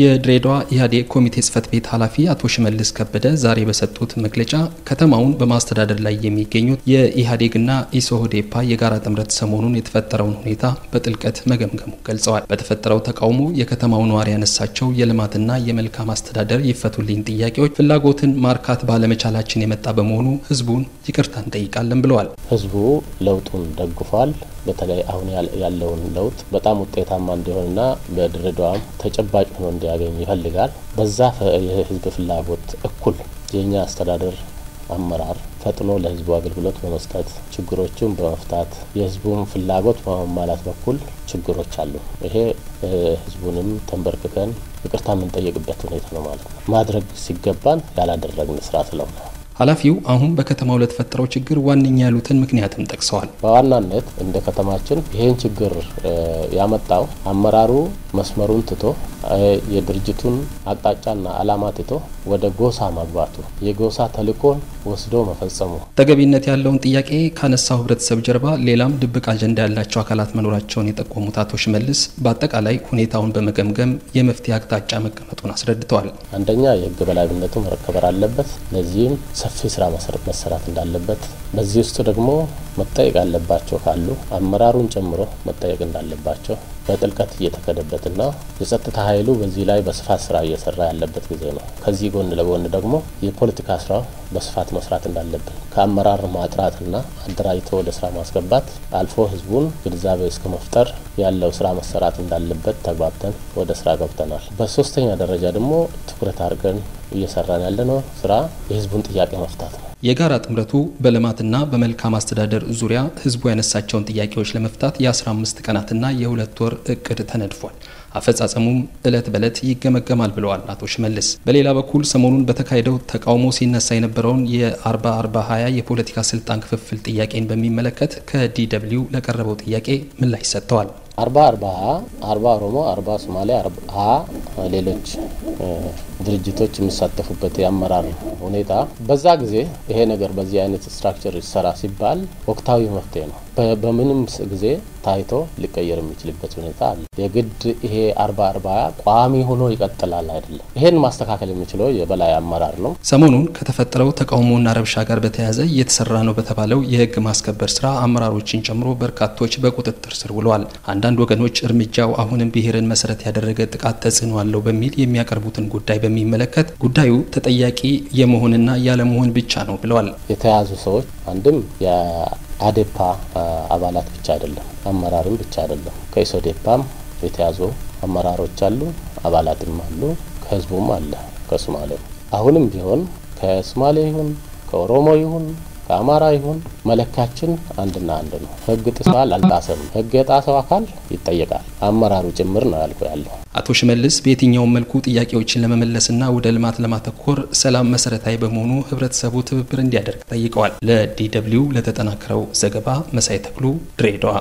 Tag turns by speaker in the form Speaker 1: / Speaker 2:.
Speaker 1: የድሬዳዋ ኢህአዴግ ኮሚቴ ጽህፈት ቤት ኃላፊ አቶ ሽመልስ ከበደ ዛሬ በሰጡት መግለጫ ከተማውን በማስተዳደር ላይ የሚገኙት የኢህአዴግና ኢሶሆዴፓ የጋራ ጥምረት ሰሞኑን የተፈጠረውን ሁኔታ በጥልቀት መገምገሙ ገልጸዋል። በተፈጠረው ተቃውሞ የከተማው ነዋሪ ያነሳቸው የልማትና የመልካም አስተዳደር ይፈቱልኝ ጥያቄዎች ፍላጎትን ማርካት ባለመቻላችን የመጣ በመሆኑ ህዝቡን ይቅርታ እንጠይቃለን ብለዋል።
Speaker 2: ህዝቡ ለውጡን ደግፏል። በተለይ አሁን ያለውን ለውጥ በጣም ውጤታማ እንዲሆንና በድሬዳዋም ተጨባጭ ሆኖ እንዲያገኝ ይፈልጋል። በዛ የህዝብ ፍላጎት እኩል የኛ አስተዳደር አመራር ፈጥኖ ለህዝቡ አገልግሎት በመስጠት ችግሮችን በመፍታት የህዝቡን ፍላጎት በማሟላት በኩል ችግሮች አሉ። ይሄ ህዝቡንም ተንበርክከን
Speaker 1: ይቅርታ የምንጠየቅበት ሁኔታ ነው ማለት ነው። ማድረግ ሲገባን ያላደረግን ስራ ስለሆነ ኃላፊው አሁን በከተማው ለተፈጠረው ችግር ዋነኛ ያሉትን ምክንያትም ጠቅሰዋል። በዋናነት እንደ ከተማችን
Speaker 2: ይህን ችግር ያመጣው አመራሩ መስመሩን ትቶ የድርጅቱን አቅጣጫና አላማ ትቶ ወደ ጎሳ መግባቱ የጎሳ ተልእኮን ወስዶ መፈጸሙ
Speaker 1: ተገቢነት ያለውን ጥያቄ ካነሳው ህብረተሰብ ጀርባ ሌላም ድብቅ አጀንዳ ያላቸው አካላት መኖራቸውን የጠቆሙት አቶ ሽመልስ በአጠቃላይ ሁኔታውን በመገምገም የመፍትሄ አቅጣጫ መቀመጡን አስረድተዋል።
Speaker 2: አንደኛ የህግ በላይነቱ መረከበር አለበት። ለዚህም ሰፊ ስራ መሰራት እንዳለበት በዚህ ውስጥ ደግሞ መጠየቅ አለባቸው ካሉ አመራሩን ጨምሮ መጠየቅ እንዳለባቸው በጥልቀት እየተከደበትና የጸጥታ ኃይሉ በዚህ ላይ በስፋት ስራ እየሰራ ያለበት ጊዜ ነው። ከዚህ ጎን ለጎን ደግሞ የፖለቲካ ስራ በስፋት መስራት እንዳለብን ከአመራር ማጥራትና አደራጅቶ ወደ ስራ ማስገባት አልፎ ህዝቡን ግንዛቤ እስከ መፍጠር ያለው ስራ መሰራት እንዳለበት ተግባብተን ወደ ስራ ገብተናል። በሶስተኛ ደረጃ ደግሞ ትኩረት አድርገን እየሰራን ነው ስራ የህዝቡን ጥያቄ መፍታት ነው።
Speaker 1: የጋራ ጥምረቱ በልማትና በመልካም አስተዳደር ዙሪያ ህዝቡ ያነሳቸውን ጥያቄዎች ለመፍታት የ15 ቀናትና የሁለት ወር እቅድ ተነድፏል። አፈጻጸሙም እለት በእለት ይገመገማል ብለዋል አቶ ሽመልስ። በሌላ በኩል ሰሞኑን በተካሄደው ተቃውሞ ሲነሳ የነበረውን የአርባ አርባ የፖለቲካ ስልጣን ክፍፍል ጥያቄን በሚመለከት ከዲ ደብልዩ ለቀረበው ጥያቄ ምላሽ ሰጥተዋል።
Speaker 2: አርባ አርባ አርባ ኦሮሞ አርባ ሶማሌ ሀ ሌሎች ድርጅቶች የሚሳተፉበት የአመራር ሁኔታ በዛ ጊዜ ይሄ ነገር በዚህ አይነት ስትራክቸር ይሰራ ሲባል ወቅታዊ መፍትሄ ነው። በምንም ጊዜ ታይቶ ሊቀየር የሚችልበት ሁኔታ አለ። የግድ ይሄ አርባ አርባ ቋሚ ሆኖ ይቀጥላል አይደለም። ይሄን ማስተካከል የሚችለው የበላይ አመራር ነው።
Speaker 1: ሰሞኑን ከተፈጠረው ተቃውሞና ረብሻ ጋር በተያያዘ እየተሰራ ነው በተባለው የህግ ማስከበር ስራ አመራሮችን ጨምሮ በርካቶች በቁጥጥር ስር ውለዋል። አንዳንድ ወገኖች እርምጃው አሁንም ብሔርን መሰረት ያደረገ ጥቃት ተጽዕኖ አለው በሚል የሚያቀርቡትን ጉዳይ በሚመለከት ጉዳዩ ተጠያቂ የመሆንና ያለመሆን ብቻ ነው ብለዋል።
Speaker 2: የተያዙ ሰዎች አንድም አዴፓ አባላት ብቻ አይደለም፣ አመራርም ብቻ አይደለም። ከኢሶዴፓም የተያዙ አመራሮች አሉ፣ አባላትም አሉ፣ ከህዝቡም አለ ከሶማሌ አሁንም ቢሆን ከሶማሌ ይሁን ከኦሮሞ ይሁን ከአማራ ይሁን መለካችን አንድና አንድ ነው። ህግ ጥሰዋል አልጣሰም። ህግ የጣሰው አካል ይጠየቃል፣ አመራሩ ጭምር ነው ያልኩ ያለው።
Speaker 1: አቶ ሽመልስ በየትኛውም መልኩ ጥያቄዎችን ለመመለስና ወደ ልማት ለማተኮር ሰላም መሰረታዊ በመሆኑ ህብረተሰቡ ትብብር እንዲያደርግ ጠይቀዋል። ለዲ ደብልዩ ለተጠናከረው ዘገባ መሳይ ተክሉ ድሬዳዋ